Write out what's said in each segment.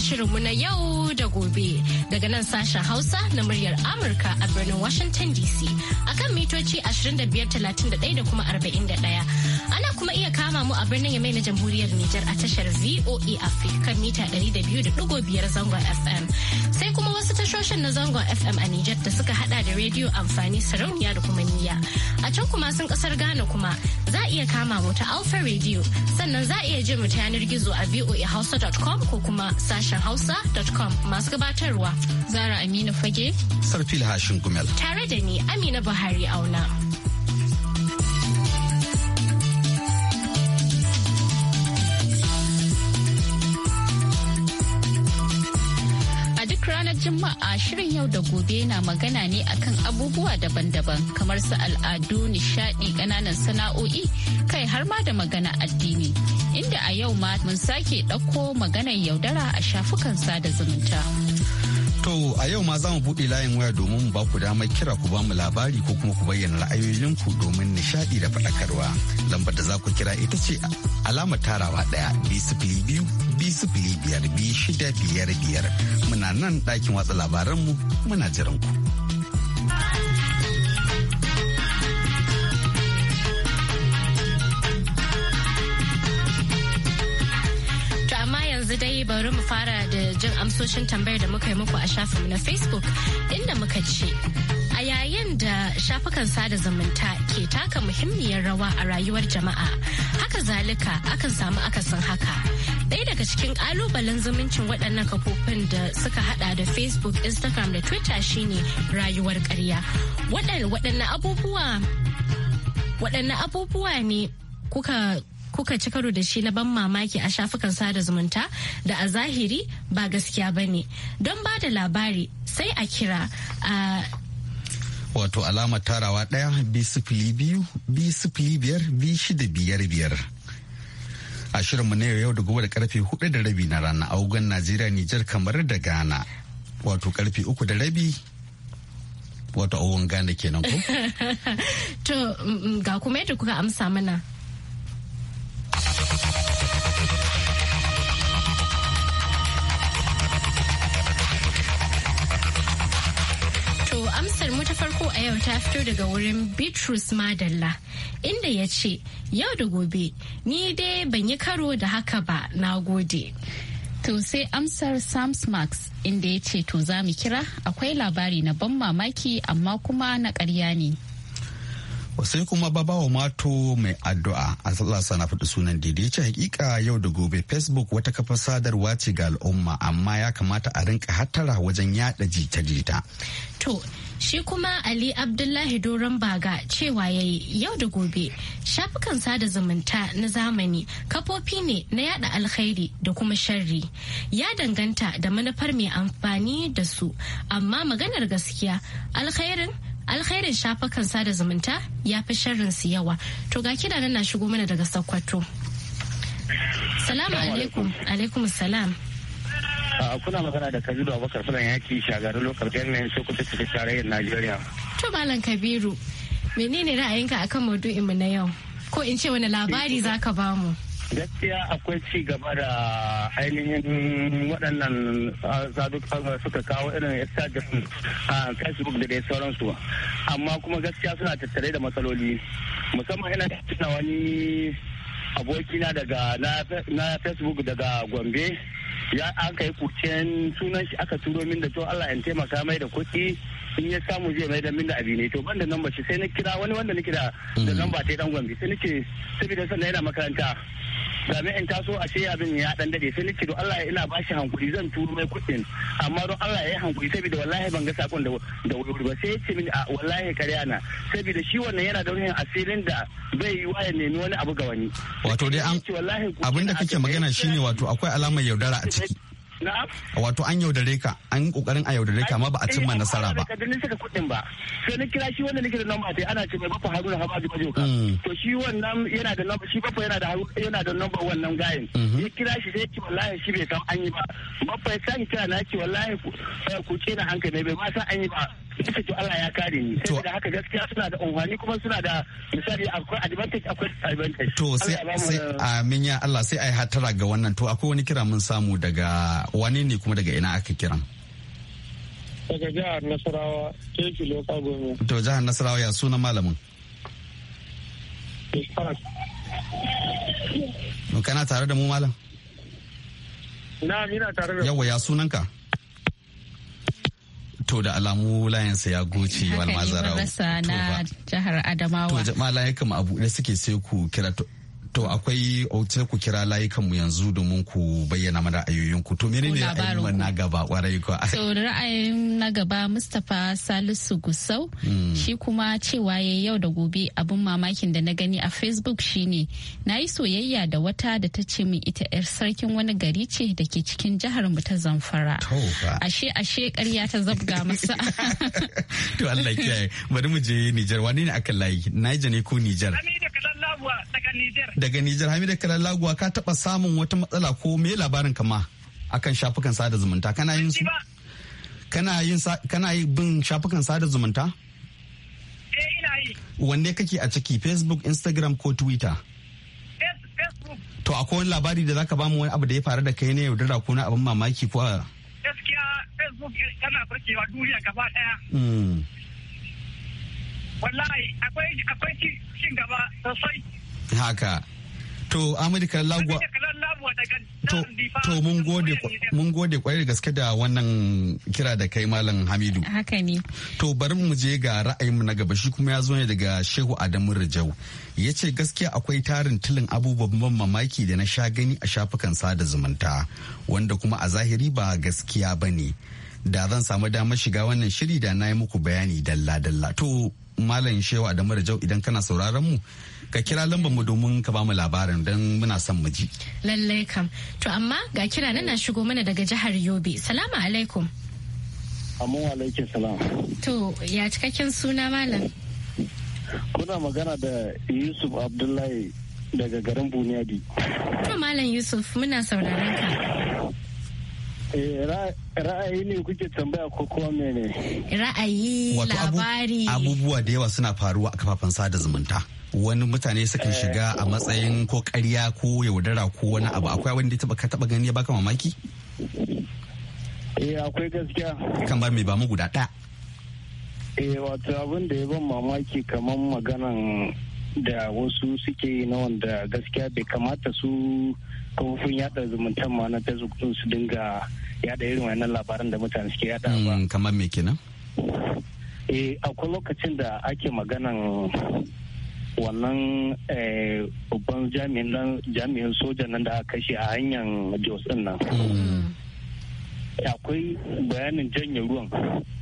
shirinmu na yau da gobe daga nan sashen Hausa na muryar Amurka a birnin Washington DC akan mitoci 2531 da kuma 41. Ana kuma iya kama mu a birnin Yamai na Jamhuriyar Nijar a tashar VOA Africa kan mita 200.5 zangon FM. Sai tashoshin na zangon FM a Nijar da suka hada da rediyo amfani sarauniya da kuma niyya. A can kuma sun kasar Ghana kuma za iya kama mu ta Alpha Radio sannan za iya je mu ta yanar gizo a voahausa.com ko kuma sashen hausa.com masu gabatarwa. Zara Aminu Fage. Sarfil Hashin Gumel. Tare da ni Amina Buhari Auna. Juma'a shirin yau da gobe na magana ne akan abubuwa daban-daban kamar su al'adu, nishadi, ƙananan sana'o'i, kai har ma da magana addini. Inda a yau ma mun sake ɗauko maganar yaudara a shafukan sada zumunta. To a yau ma za mu buɗe layin waya domin mu ba ku damar kira ku ba mu labari ko kuma ku bayyana ra'ayoyinku domin nishaɗi da faɗakarwa. Lambar da za ku kira ita ce alama tarawa ɗaya biyu biyu biyar muna nan ɗakin watsa labaranmu muna jiran ku. yanzu dai bari mu fara da jin amsoshin tambayar da muka yi muku a shafinmu na facebook inda muka ce A yayin da shafukan sada zumunta ke taka muhimmiyar rawa a rayuwar jama'a, haka zalika akan samu akasin haka. Ɗaya daga cikin ƙalubalen zumuncin waɗannan kafofin da suka hada da Facebook, Instagram da Twitter shine rayuwar karya Waɗannan abubuwa waɗannan abubuwa ne kuka kuka ci karo da shi na ban mamaki a shafukan sada zumunta da a zahiri ba gaskiya ba ne don ba da labari sai a kira a wato alama tarawa ɗaya b sifili biyu b sifili biyar biyar biyar a shirinmu na yau da gobe da karfe hudu da rabi na rana a wugan najeriya nijar kamar da ghana wato karfe uku da rabi wato a ghana kenan ko to mm, mm, ga kuma yadda kuka amsa mana amsar mu ta farko a yau ta fito daga wurin Bitrus Madalla inda ya ce yau da gobe ni dai ban yi karo da haka ba na gode. To sai amsar Sams Max inda ya ce to za mu kira akwai labari na ban mamaki amma kuma na karya ne. sai kuma babawa mato mai addu'a a tsallasa na faɗi sunan daidai ce hakika yau da gobe facebook wata kafar sadarwa ce ga al'umma amma ya kamata a rinka hattara wajen yada jita-jita to Shi kuma Ali Abdullahi Doron Baga cewa ya yi yau da gobe shafukan sada zumunta na zamani kafofi ne na yada alkhairi da kuma sharri. Ya danganta da manufar mai amfani da su, amma maganar gaskiya alkhairin alkhairin shafukan sada zumunta ya fi sharrin su yawa. To ga kidanan na shigo mana daga Sakwato. Salamu alaikum, alaikum salam. kuna magana da kabiru abubakar fulan yaki shagarin lokal gannan sokoto ta tarayyar najeriya to malam kabiru menene ra'ayinka akan maudu'in mu na yau ko in ce wani labari zaka bamu gaskiya akwai ci gaba da ainihin waɗannan zaɓuɓɓuka suka kawo irin instagram a facebook da dai sauransu amma kuma gaskiya suna tattare da matsaloli musamman ina tattuna wani abokina daga na facebook daga gombe ya aka yi kucen sunan shi aka turo min da to Allah in taimaka mai da kuɗi in ya samu zai mai da minda abi ne to banda nan bace sai na kira wani wanda na kira da nan ba mm. ta dan gombe sai nake saboda sannan yana makaranta game in taso a ce abin ya dan dade sai nake to Allah ya ina bashi hankuri zan turo mai kudin amma don Allah ya yi hankuri saboda wallahi ban ga sakon da da wuri ba sai yace mini wallahi kariya na saboda shi wannan yana da ruhin asirin da bai yi waye nemi wani abu ga wani wato dai an abinda kake magana shine wato akwai alamar yaudara a ciki wato an yaudare ka an kokarin a yaudare ka amma ba a cimma nasara ba da nisa saka kudin ba sai na kira shi wanda nake da number dai ana cewa bafa haruna haba ji ka mm. to shi wannan yana da number shi bafa yana da yana da number wannan gayin mm-hmm. ya kira shi sai ce wallahi shi bai san an yi ba bafa ya sake kira na ce wallahi ku ce eh, na hankali bai ba san an yi ba suka ce Allah ya kare ni sai da haka gaskiya suna da umfani kuma suna da misali akwai advantage akwai advantage to sai sai amin ya Allah sai ai hatara ga wannan to akwai wani kira mun samu daga wani ne kuma daga ina aka kiran daga jihar Nasarawa Tefi Local Government to jihar Nasarawa ya suna malamin kana tare da mu malam na mina tare da yawa ya sunanka to da alamu layansa ya goce wal mazarau na jihar adamawa to jama'a layakan abu da suke sai ku kira To akwai sai ku kira layukanmu yanzu domin ku bayyana mana ayoyinku. To menene ayyukan na gaba kwarai ko? So ra'ayin na gaba Mustapha Salisu Gusau hmm. shi kuma cewa ya yau da gobe abun mamakin da na gani a Facebook shine na yi soyayya da wata da ta ce min ita 'yar sarkin wani gari ce da ke cikin jihar mu ta Zamfara. Ashe ashe ƙarya ta zabga masa. to Allah kiyaye bari mu je Nijar wani ne akan layi Niger ne ko Nijar? daga Lallabuwa daga Nijar. daga Nijar Hamida Kalalaguwa ka taba samun wata matsala ko me labarin kama akan shafukan sada zumunta kana yin su? Kana yin kana yi bin shafukan sada zumunta? Eh ina yi. Wanne kake a ciki Facebook, Instagram ko Twitter? Facebook. To akwai wani labari da zaka bamu wani abu da ya faru da kai ne yaudara ko na abin mamaki ko a Gaskiya Facebook tana burkewa duniya gaba daya. Hmm. Wallahi akwai akwai cin gaba sosai. haka to amurka lagwa to mun gode kwarai da gaske da wannan kira da kai malam hamidu haka ne to bari mu je ga ra'ayin mu na gaba shi kuma ya zo ne daga shehu adamu rajau ya ce gaskiya akwai tarin tilin abubuwan mamaki da na sha gani a shafukan sada zumunta wanda kuma a zahiri ba gaskiya ba ne da zan samu damar shiga wannan shiri da na yi muku bayani dalla-dalla to malam shewa da mara jau idan kana sauraron mu ka kira lambar mu domin ka bamu labarin don muna son mu ji. Lallai kam. To amma ga kira nan na shigo mana daga jihar Yobe. Salamu alaikum. Amma alaikum salam. To ya cikakken suna malam. Kuna magana da Yusuf Abdullahi daga garin Buniyadi. To malam Yusuf muna sauraron ka. Eh, ra'ayi ne kuke tambaya ko kuma mene ra'ayi labari abubuwa da yawa suna faruwa a kafafen sada zumunta wani mutane suka eh. shiga a matsayin ko ƙarya ko yaudara ko wani abu akwai wanda taba ka taba gani ya baka mamaki eh akwai gaskiya kamar mai ba mu guda ɗaya eh wato abin da ya ban mamaki kamar maganan da wasu suke yi na wanda gaskiya bai kamata su kafofin yada zumunta ma na facebook din su dinga yada irin wannan labaran da mutane suke yada ba mm, kamar me kenan eh akwai lokacin da ake maganan wannan eh, babban jami'in soja nan da aka kashe a hanyar jos din nan mm. akwai bayanin janye ruwan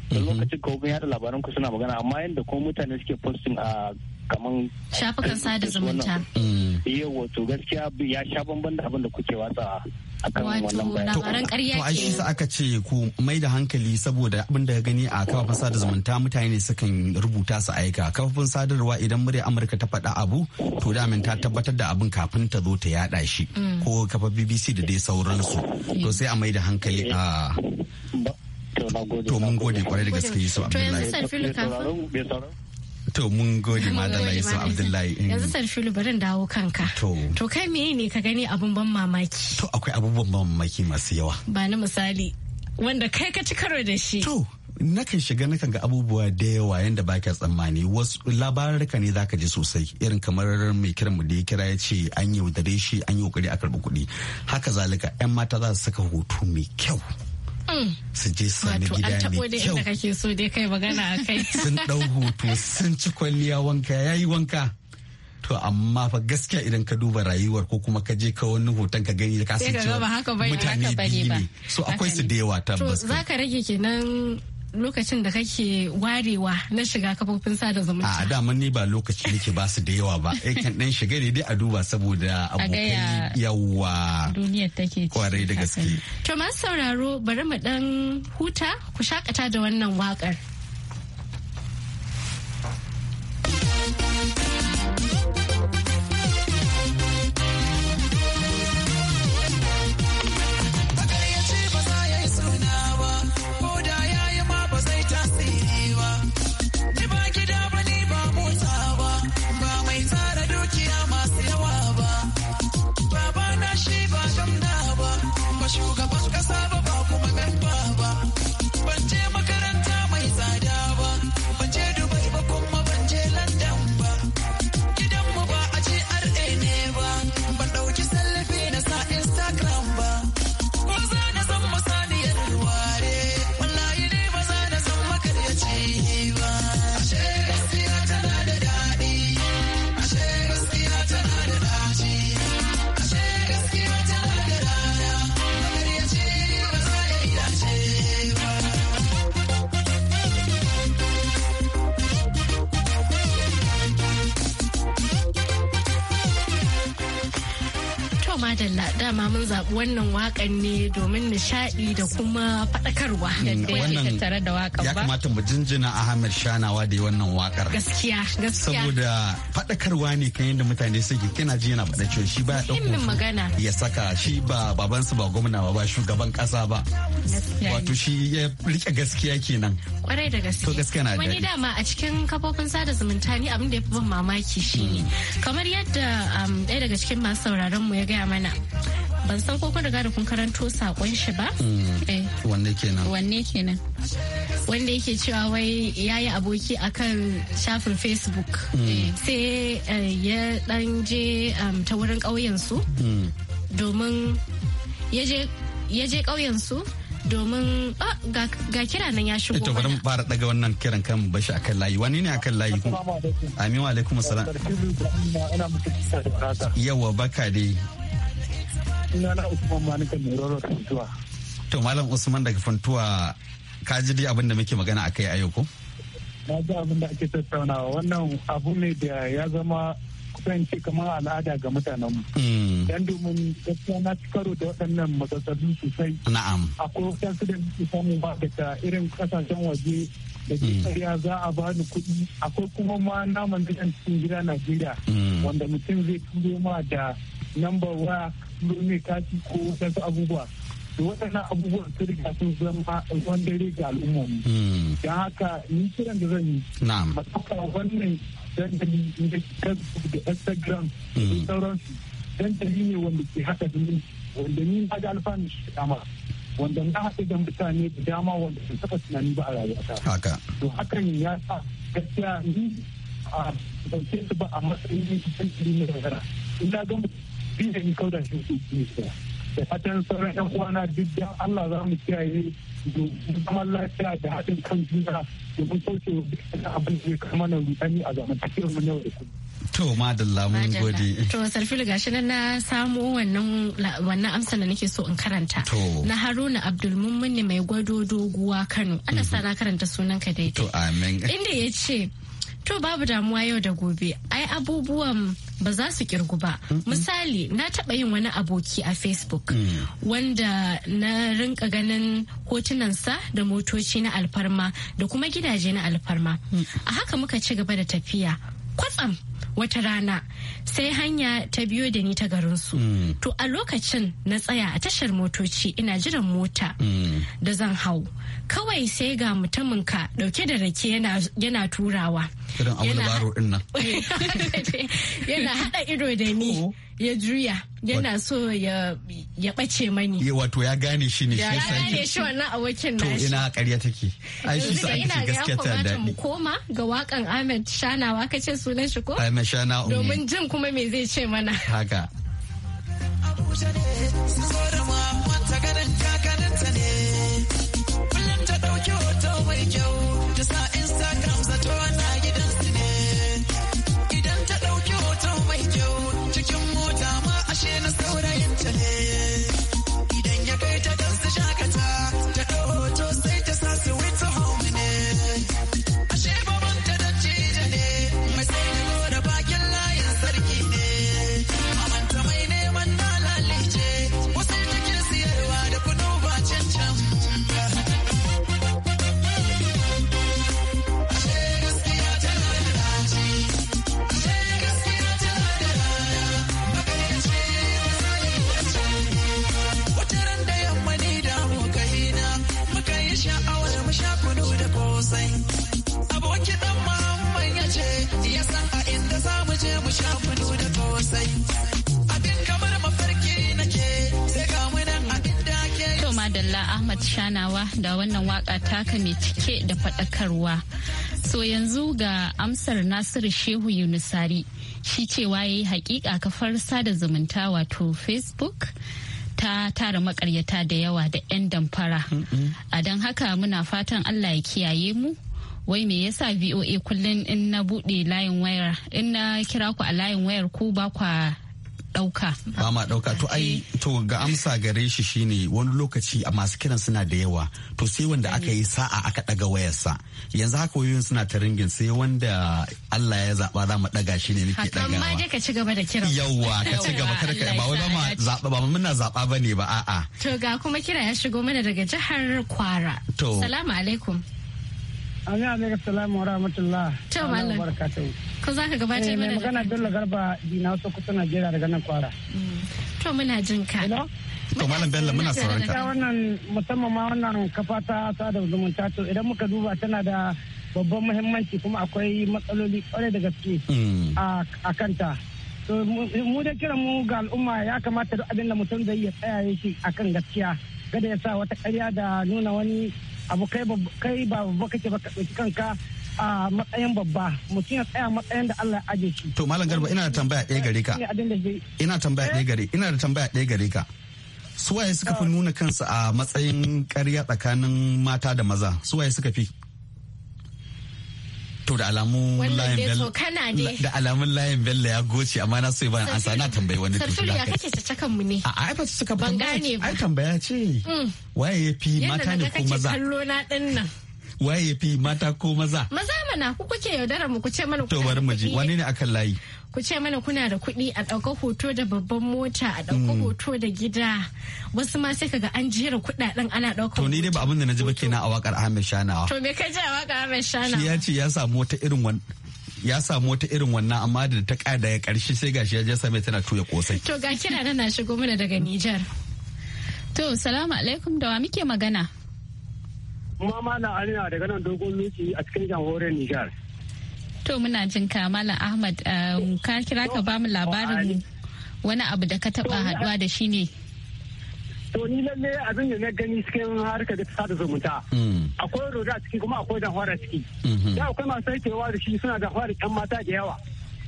da mhm. lokacin ya da labaran ku suna magana amma yadda kuma mutane suke posting a kaman shafukan sada zumunta iya mm. wato gaskiya ya sha bamban da abin da kuke watsa wato wannan bayan labaran ƙarya ke to ai shi sa aka ce ku mai da hankali saboda abin da gani a kafafen sada zumunta mutane ne sukan rubuta su aika kafafen sadarwa idan murya Amurka ta faɗa abu to damin ta tabbatar da abin kafin ta zo ta yada shi mm. ko kafa BBC da dai sauransu to sai a mai da hankali eh, ah. a To mun gode kwarai da gaske Yusuf Abdullahi. To yanzu Sarfilu kafin. To mun gode Yusuf Abdullahi. Mm. Yanzu Sarfilu barin dawo kanka. To. To kai meye ne ka gani abun ban mamaki? To akwai abubuwan ban mamaki masu yawa. Ba na misali wanda kai ka ci karo da shi. To. nakan shiga nakan ga abubuwa da yawa yadda ba ka tsammani wasu labararka ne zaka ji sosai irin kamar mai kiran mu da ya kira ya ce an yaudare shi an yi kokari a karɓi kuɗi haka zalika yan mata za su saka hoto mai kyau su je sami gida mai kyau kake so dai kai magana a sun ɗau hoto sun ci kwalliya wanka ya yi wanka to amma fa gaskiya idan ka duba rayuwar ko kuma ka je ka wani hoton ka gani ka san cewa mutane biyu ne so akwai su da yawa tabbas ka rage kenan lokacin da kake warewa na shiga kafofin sada zumunta? A dama ni ba lokaci nake ba su da yawa ba. Aikin eh, dan shiga ne dai a duba saboda abokai yawa. Duniyar take ci. Kwarai da gaske. To masu sauraro bari mu dan huta ku shakata da wannan wakar wannan wakan ne domin nishadi da kuma faɗakarwa. Yadda yake hmm, tattare da wakan ba. Ya kamata mu jinjina Ahmed Shanawa da wannan wakar. Gaskiya, gaskiya. Saboda faɗakarwa ne kan yadda mutane suke kina ji yana faɗa cewa shi ba ya ɗauko. magana. Ya saka shi ba babansu ba gwamna ba shugaban ƙasa ba. Wato shi ya rike gaskiya kenan. Kwarai da gaskiya. To gaskiya na Wani dama a cikin kafofin sada zumunta ni abin da ya fi ban mamaki shi ne. Hmm. Kamar yadda um, ɗaya daga cikin masu sauraron mu ya gaya mana ban san ko kun riga da kun karanto sakon shi ba mm. eh. wanne kenan wanne kenan wanda yake cewa wai ya yi aboki akan shafin facebook mm. eh, sai eh, ya dan je um, ta wurin ƙauyensu mm. domin ya je ƙauyensu domin ah, ga kira nan ya shigo to bari fara daga wannan kiran kan bashi akan layi wani ne akan layi ku amin wa alaikum assalam yawa baka dai Ina na Usman Manika mai roro To Malam Usman daga Funtuwa ka ji dai abin da muke magana a kai a yau ko? Na ji abin da ake tattaunawa wannan abu ne da ya zama kusan ce kamar al'ada ga mutanenmu. Mm. Dan domin gaskiya na ci karo da waɗannan matsatsalu sosai. Na'am. Akwai wasu da muke samu ba ta irin kasashen waje da kariya mm. za a bani kuɗi akwai kuma ma naman gidan cikin gida Najeriya mm. wanda mutum zai turo ma da namba wa mai kashi ko wasu abubuwa da waɗannan abubuwan sun riga sun zama ruwan dare ga al'ummomi hmm. don haka ni kiran da zan yi matsaka wannan dandali da facebook da instagram da hmm. sauransu dandali ne wanda ke haka ni wanda ni na ga alfanu shi dama wanda na haɗu da mutane da dama wanda su saka tunani ba a rayuwata haka to hakan ya sa gaskiya ni a ɗauke su ba a matsayin dandali na rayuwa ina ga mutum bi da ni kauda shi su da fatan sauran yan kwana duk da Allah za mu kiyaye domin zaman lafiya da haɗin kan juna da domin sauke da abin da ya kama na rutani a zamantakewar mu yau da kullum. To madalla mun gode. To Salfilu gashi nan na samu wannan wannan amsar da nake so in karanta. To. Na Haruna Abdulmummin mai gwado doguwa Kano. Ana mhm. sa na karanta sunanka daidai. To amen. Inda ya ce to babu damuwa yau da gobe ai abubuwan ba za su kirgu ba misali na taɓa yin wani aboki a facebook mm. wanda na rinka ganin hotunansa da motoci na alfarma da kuma gidaje na alfarma mm. a haka muka ci gaba da tafiya kwatsam wata rana sai hanya ta biyo da ni ta garinsu. Mm. To a lokacin na tsaya a tashar motoci ina jiran mota da zan hau. kawai sai ga mutumin ka dauke da rake yana turawa yana hada ido da ni oh. ya juya yana so ya ɓace mani. Ya wato ya gane shi ne shi Ya gane shi wannan awakin nashi. To ina ƙarya take. Ai shi sa ake gaskiya ta daɗi. mu koma ga wakan Ahmed Shanawa kace sunan shi ko? Ahmed Shanawa. Domin jin kuma me zai ce mana. Haka. Joe. shanawa da wannan waka taka mai cike da faɗakarwa. So yanzu ga amsar Nasiru Shehu Yunusari shi cewa ya yi hakika kafar sada zumunta wato Facebook. ta tara makaryata da yawa da 'yan damfara. A don haka muna fatan Allah ya kiyaye mu. Wai me yasa VOA kullum in na buɗe layin wayar in na kira ku a layin wayar ku ba kwa Dauka Ba ma dauka To ai to ga amsa gare shi shine wani lokaci a masu kiran suna da yawa. To sai wanda aka yi sa'a aka daga wayarsa. Yanzu haka wayoyin suna ta ringin sai wanda Allah ya zaɓa za mu ɗaga shi ne daga ɗagawa. Amma dai ka ci gaba da kiran. Yawwa ka ci gaba kada ka ba wai ba ma zaɓa ba muna zaɓa ba ba a'a. To ga kuma kira ya shigo mana daga jihar Kwara. To. Salamu alaikum. Amin alaikum salam wa rahmatullah. Ta malam. Ko za ka gabatar eh, mana magana Garba Dina Najeriya daga nan kwara. Mm. To muna jin ka. To malam Bello muna sauraron ka. wannan musamman ma wannan kafa ta sada zumunta to idan muka duba tana da babban muhimmanci kuma akwai matsaloli kwarai da gaske mm. a kanta. To mu da kiran mu ga al'umma ya kamata duk abin da mutum zai iya tsaya shi akan gaskiya. Kada ya sa wata karya da nuna wani abu kai ba babba kake ba ka ɗauki kanka a matsayin babba mutum ya tsaya matsayin da Allah ya aje shi. To Malam Garba ina da tambaya ɗaya gare ka. Ina tambaya ɗaya gare ina da tambaya ɗaya gare ka. Suwaye suka fi eh. nuna kansu a matsayin ƙarya tsakanin mata da maza suwaye suka fi? To da alamun layin bello. Da alamun layin bello ya goce amma na so ba an sana tambayi wani tutu. da ya kake ta cakan mu ne. A ai ba su suka ba. Ban gane Ai tambaya ce. Mm. Waye ya fi mata ne ko maza. Yadda na kake kallo na ɗin nan. waye fi mata ko maza maza mana ku kuke yaudara mu ku ce mana to bari mu ji wani ne akan layi ku ce mana kuna da kuɗi a ɗauka hoto da babban mota a ɗauka mm. hoto da gida wasu ma sai kaga an jera kuɗaɗen ana ɗauka hoto. to ni dai ba abin da na ji ba kenan a wakar Ahmed Shanawa to me ka ji a wakar Ahmed Shanawa shi ya ce ya samu wata irin wani ya samu wata irin wannan amma da ta kada ya karshe sai gashi ya jasa same tana tuya kosai. To ga kira na shigo mana daga Nijar. To salamu alaikum da wa muke magana. kuma na alina daga nan dogon lokaci a cikin jamhuriyar nijar to muna jin ka malam ahmad ka kira ka ba mu labarin wani abu da ka taba haduwa da shi ne to ni lalle abin da na gani cikin harkar da ta zumunta mm. akwai roda a ciki kuma akwai da hora ciki mm-hmm. da akwai masu aikewa da shi suna da hora kan mata da yawa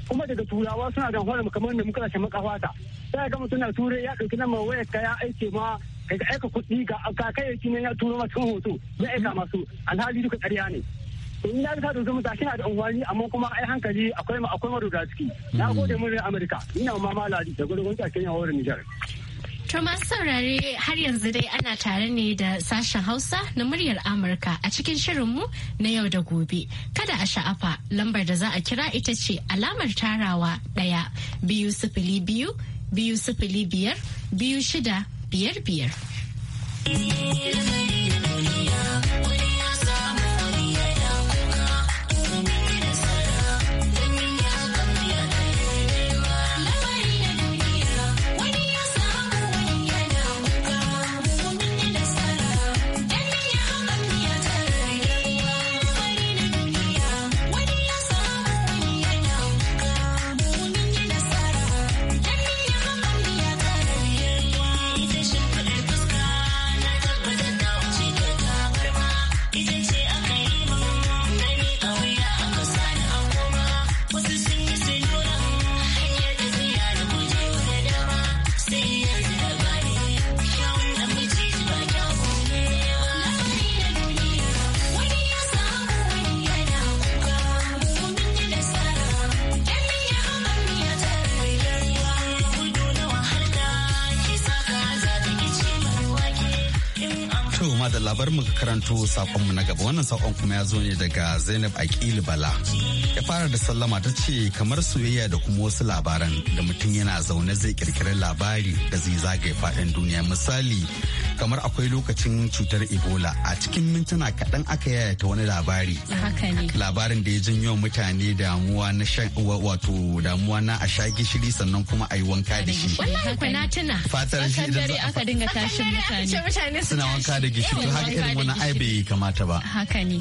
kuma daga turawa suna da hora kamar da muka rashin makafata sai ga mutum na turai ya ɗauki nan ka kaya aike ma daga aika kuɗi ga ya ne ya turo masu hoto ya aika hmm. masu alhali duka ƙarya ne in na rika da zama tashi na da unwani amma kuma ai hankali akwai akwai marubuta ciki na hmm. gode mun amurka ina mama ladi da gudu a kenya wurin nijar To masu saurare har yanzu dai ana tare ne da sashen Hausa na muryar Amurka a cikin shirin mu na yau da gobe. Kada a sha'afa lambar da za a kira ita ce alamar tarawa ɗaya biyu sifili biyu biyu sifili biyar biyu shida biyar biyar. To ma da labar muka karanto sakonmu na gaba wannan sakon kuma ya zo ne daga Zainab Aqilu Bala. Ya fara da sallama ta ce kamar soyayya da kuma wasu labaran da mutum yana zaune zai kirkiri labari da zai zagaye faɗin duniya misali kamar akwai lokacin cutar ebola a cikin mintuna kaɗan aka yayata wani labari labarin da ya janyo mutane damuwa na wato damuwa na a sha gishiri sannan kuma a yi wanka da shi fatar shi idan aka dinga tashin mutane suna wanka da gishiri to haka irin wani ai bai kamata ba haka ne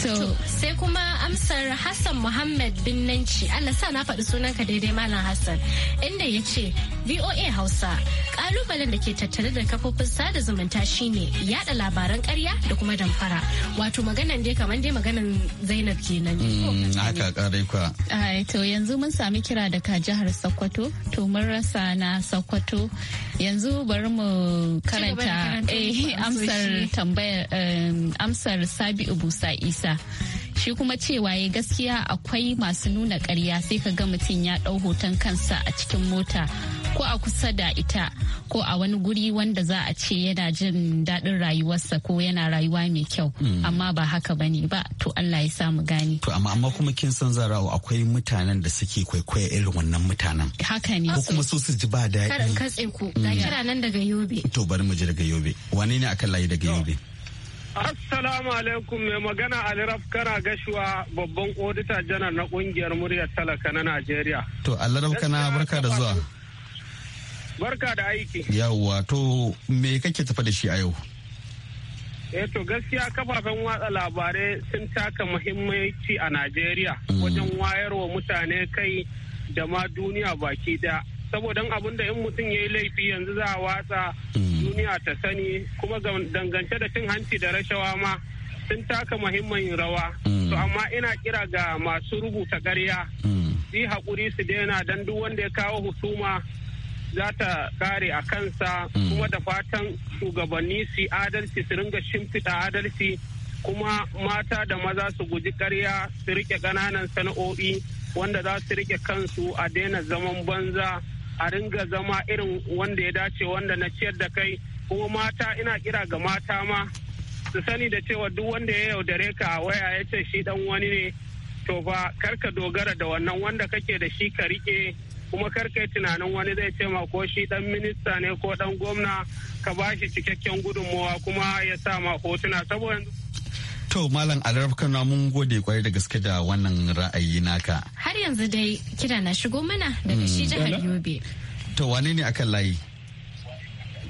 To, sai kuma amsar Hassan Muhammad Nanci Allah sa na faɗi sunanka daidai Malam Hassan, inda ya ce, VOA Hausa. Kalubalen da ke tattare da kafofin sada zumunta shine yada labaran karya da kuma damfara. Wato maganan dai kamar dai maganan Zainab kenan. Hmm, haka ƙarai kwa. to yanzu mun sami kira daga jihar Sokoto, to mun rasa na Sokoto. Yanzu bari mu karanta eh, amsar tambayar amsar Sabi'u Busa Isa. shi kuma cewa ya gaskiya akwai masu nuna karya sai ka ga mutum ya ɗau hoton kansa a cikin mota ko a kusa da ita ko a wani guri wanda za a ce yana jin daɗin rayuwarsa ko yana rayuwa mai kyau mm. amma ba haka ba ne ba to Allah ya sa mu gani. To amma amma kuma kin san zarawa akwai mutanen da suke kwaikwaya irin wannan mutanen. Haka ne. Ko kuma su su ji ba daɗi. Karin katse ku ga mm. kira nan daga Yobe. To bari mu ji daga Yobe. Wane ne akan layi daga Yobe? Assalamu alaikum mai magana Aliraf kana gashuwa babban odita janar na kungiyar muryar talaka na Najeriya. To Allah kana barka da zuwa. Barka da aiki. Yawwa to me kake tafa da shi a yau? Eh to gaskiya kafafen watsa labarai sun taka muhimmanci a Najeriya mm. wajen wayarwa mutane kai da ma duniya baki da saboda abin da in mutum ya yi laifi yanzu za a watsa mm. duniya ta sani kuma dangance da cin hanci da rashawa ma sun taka muhimmin rawa. Mm. To amma ina kira ga masu rubuta ƙarya. Yi haƙuri su daina don duk wanda ya kawo husuma za ta kare a kansa mm. kuma da fatan shugabanni su adalci su ringa shimfiɗa adalci kuma mata da maza su guji karya su rike ƙananan sana'o'i wanda za su rike kansu a daina zaman banza a ringa zama irin wanda ya dace wanda na ciyar da kai kuma mata ina kira ga mata ma su sani da cewa duk wanda ya yaudare ka a waya ya ce shi dan wani ne to kar ka dogara da wannan wanda kake da shi ka rike kuma karkai tunanin wani zai ce ma ko shi dan minista ne ko dan gwamna ka ba shi cikakken gudunmawa kuma ya sa ma hotuna saboda To Malam Alarab Kano mun gode kwarai da gaske da wannan ra'ayi naka. Har yanzu dai kira na shigo mana daga shi hmm. jihar Yobe. To wane ne akan layi?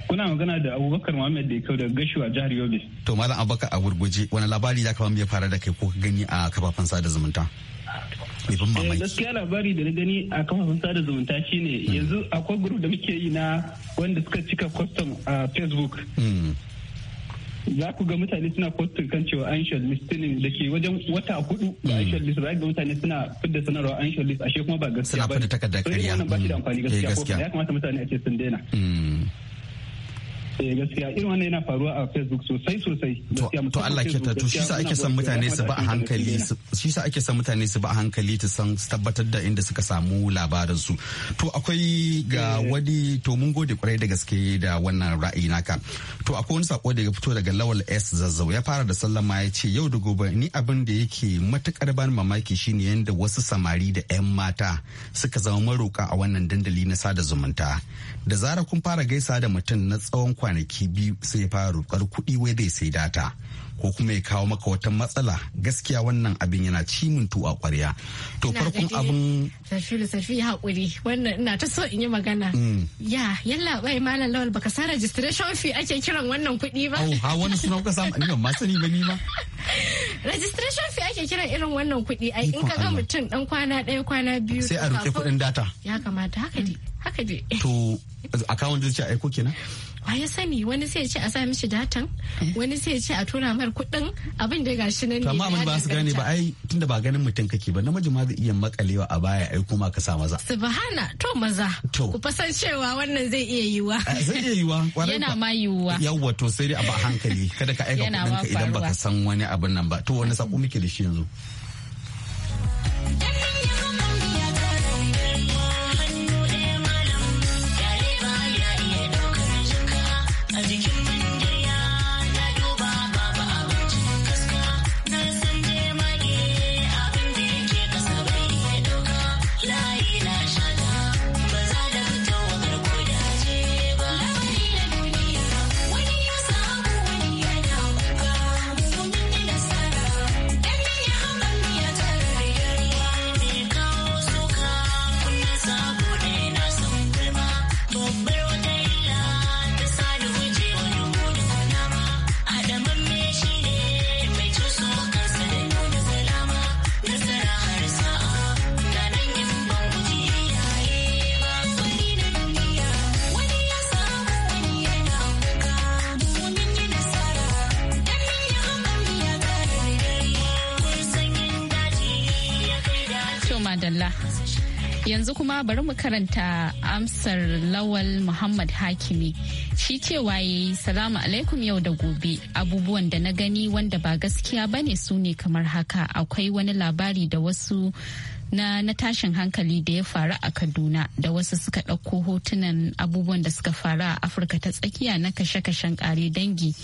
Kuna magana da Abubakar Muhammad da kyau daga gashuwa jihar Yobe. To Malam Abubakar a gurguje wani labari ya kama mai fara da kai ko gani a kafafen sada zumunta? mai eh, gaskiya labari da na gani a kafafen sada zumunta shine hmm. yanzu akwai group da muke yi na wanda suka cika kwastam a facebook hmm. za ku ga mutane suna postin kan cewa an shortlist ne da ke wajen wata hudu ga an hmm. shortlist ba ga mutane suna fidda sanarwa an shortlist ashe kuma ba gaskiya ba ne. Suna fidda takardar ƙarya. Sai wannan ba da eh, ya kamata mutane a ce sun daina. eh gaskiya irin wannan yana faruwa a facebook sosai sosai to Allah ke ta to shi sa ake san mutane su ba a hankali shi sa ake san mutane su ba a hankali ta san tabbatar da inda suka samu labarin su to akwai ga eh. wani to mun gode kwarai da gaske da wannan ra'ayi naka to akwai wani sako da ya fito daga lawal s zazzau ya fara da sallama ya ce yau da gobe ni abin da yake matukar ban mamaki shine yanda wasu samari da 'yan mata suka zama maroka a wannan dandali na sada zumunta da zara kun fara gaisa da mutum na tsawon kwana kwanaki biyu sai ya fara roƙar kuɗi wai zai sai data ko kuma ya kawo maka wata matsala gaskiya wannan abin yana ci min a kwarya to farkon abin safilu safi haƙuri wannan ina ta so in yi magana mm. ya yalla bai malam lawal baka sa registration fee ake kiran wannan kuɗi ba oh ha wani suna kuka samu ni ma sani ba ni ma registration fee ake kiran irin wannan kuɗi ai in ka ga mutum dan kwana ɗaya kwana biyu sai a roƙi kuɗin data ya kamata haka dai mm. haka dai to account zai ce aiko kenan wa ya sani wani sai ce a sa mishi datan eh. wani sai ce a tura mar kuɗin abin da gashi nan ne amma abin ba su gane ba ai tunda ba ganin mutum kake ba namiji ma zai iya makalewa a baya ai kuma ka sa maza subhana to maza to ku fasan cewa wannan zai iya yiwa eh, zai iya yiwa yana ma yiwa yawwa to sai dai a ba hankali kada ka aika kuɗin ka idan baka san wani abin nan ba to wani sako muke da shi yanzu yanzu kuma bari mu karanta amsar lawal muhammad hakimi shi cewa ya salamu alaikum yau da gobe abubuwan da na gani wanda ba gaskiya bane su ne kamar haka akwai wani labari da wasu na, na tashin hankali da ya faru a kaduna da wasu suka ɗauko hotunan abubuwan da suka faru a afirka ta tsakiya na kashe-kashen ƙare dangi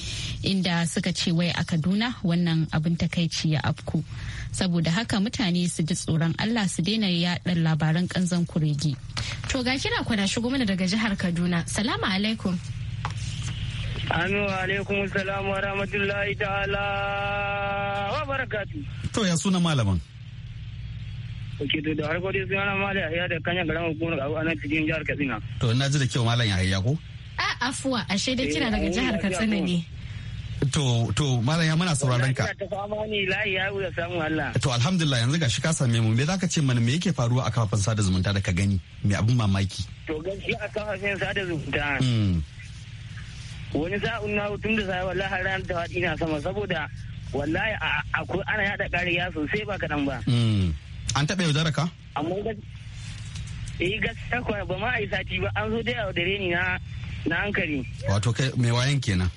inda suka ce wai a kaduna wannan abin takaici ya afku saboda haka mutane su ji tsoron allah su daina yaɗa labaran ƙanzan kuregi to ga kira kwana shigo mana daga jihar kaduna salamu alaikum Anu alaikum salamu wa rahmatullahi ta'ala wa barakatu. To ya suna malaman. Oke to da farko dai suna Malam Yahaya da kanya garan hukumar a Anan cikin jihar Katsina. To ina ji da kyau Malam Yahaya ko? A afuwa ashe dai kira daga eh, jihar Katsina ne. To to Malam ya muna sauraron ka. Ta fama ne layi ya wuya samu Allah. To alhamdulillah yanzu gashi ka same mu me zaka ce mana me yake faruwa a kafafen sada zumunta da ka gani me abin mamaki. To gaskiya a kafafen sada zumunta. Hmm. Wani sa'un na tun da sai wallahi ran da ina sama saboda wallahi akwai ana yada ƙarya sosai ba kaɗan ba. Hmm. an taɓa yaudara ka amma eh gaskiya ba ma a yi ba zo ni na hankali wato kai mai wayan kenan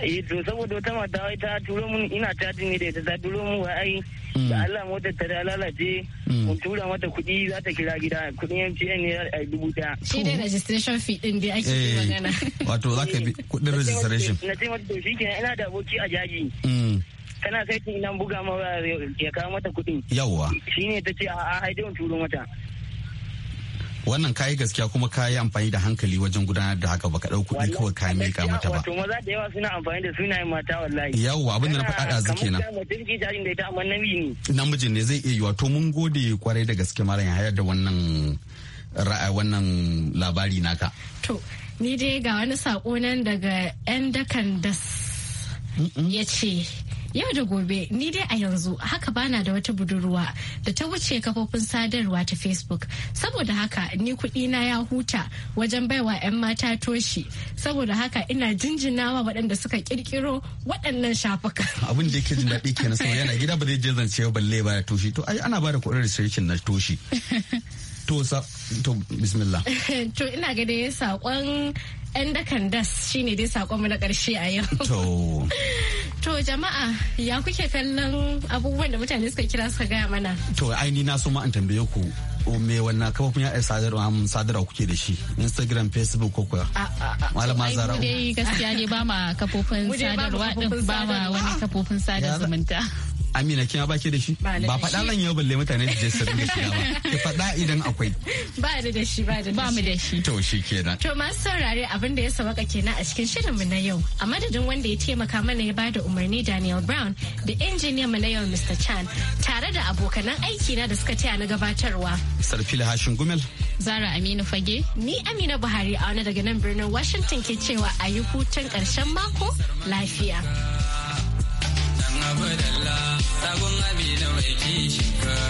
eh to saboda wata mata wai ta turo mun ina cajin ne da ita ta turo mun wai ai hmm. da Allah mota ta da lalace hmm. mun tura mata kuɗi za ta kira gida kuɗin MTN ne a dubu ɗaya. Shi dai registration fee ɗin dai ake eh, magana. Wato za ka bi kuɗin registration. Na ce mata to shi kenan ina da aboki a jaji. Hmm. tana kai ki ina buga ma ya kawo mata kuɗi yawwa shine ta ce a haidai in turo mata wannan kayi gaskiya kuma kayi amfani da hankali wajen gudanar da haka baka ɗau kuɗi kawai mai ka mata ba. Wato maza da yawa suna amfani da sunayen mata wallahi. Yawwa abin da na faɗa da zuke ne. Namijin ne zai iya yiwa to mun gode kwarai da gaske malam ya hayar da wannan wannan labari naka. To ni dai ga wani sako nan daga 'yan dakan das ya ce Yau da gobe ni dai a yanzu haka bana da wata budurwa da ta wuce kafofin sadarwa ta Facebook. Saboda haka ni kudi na ya huta wajen baiwa 'yan mata toshi. Saboda haka ina jinjinawa waɗanda suka kirkiro waɗannan shafuka. Abin da yake jin daɗi kenan sau yana gida ba zai je zance ba balle ba toshi to ai ana ba da kuɗin na toshi. To sa to bismillah. to ina ga dai saƙon 'yan dakan das shine dai saƙonmu mu na ƙarshe a yau. To. To jama'a ya kuke kallon abubuwan da mutane suka kira suka gaya mana. To aini na so ma in tambaye ku me wannan kafofin yaɗa sadarwa sadarwa kuke da shi instagram facebook ko kuwa malama zara dai gaskiya ne ba ma kafofin sadarwa din ba ma wani kafofin sada zumunta Amina kin baki da shi? Ba faɗa nan yau balle mutane da jinsu da shi. ba. Ki faɗa idan akwai. Ba da da shi ba da Ba mu da shi. To shi kenan. To masu saurare abin da ya sabaka kenan a cikin shirin mu na yau. A madadin wanda ya taimaka mana ya bada umarni Daniel Brown da injiniyan mu na yau Mr. Chan tare da abokanan aiki na da suka taya na gabatarwa. Sarfila Hashin Gumel. Zara Aminu Fage. Ni Amina Buhari a wani daga nan birnin Washington ke cewa a yi hutun ƙarshen mako lafiya. abu dalla sabon abi na mai kishin ka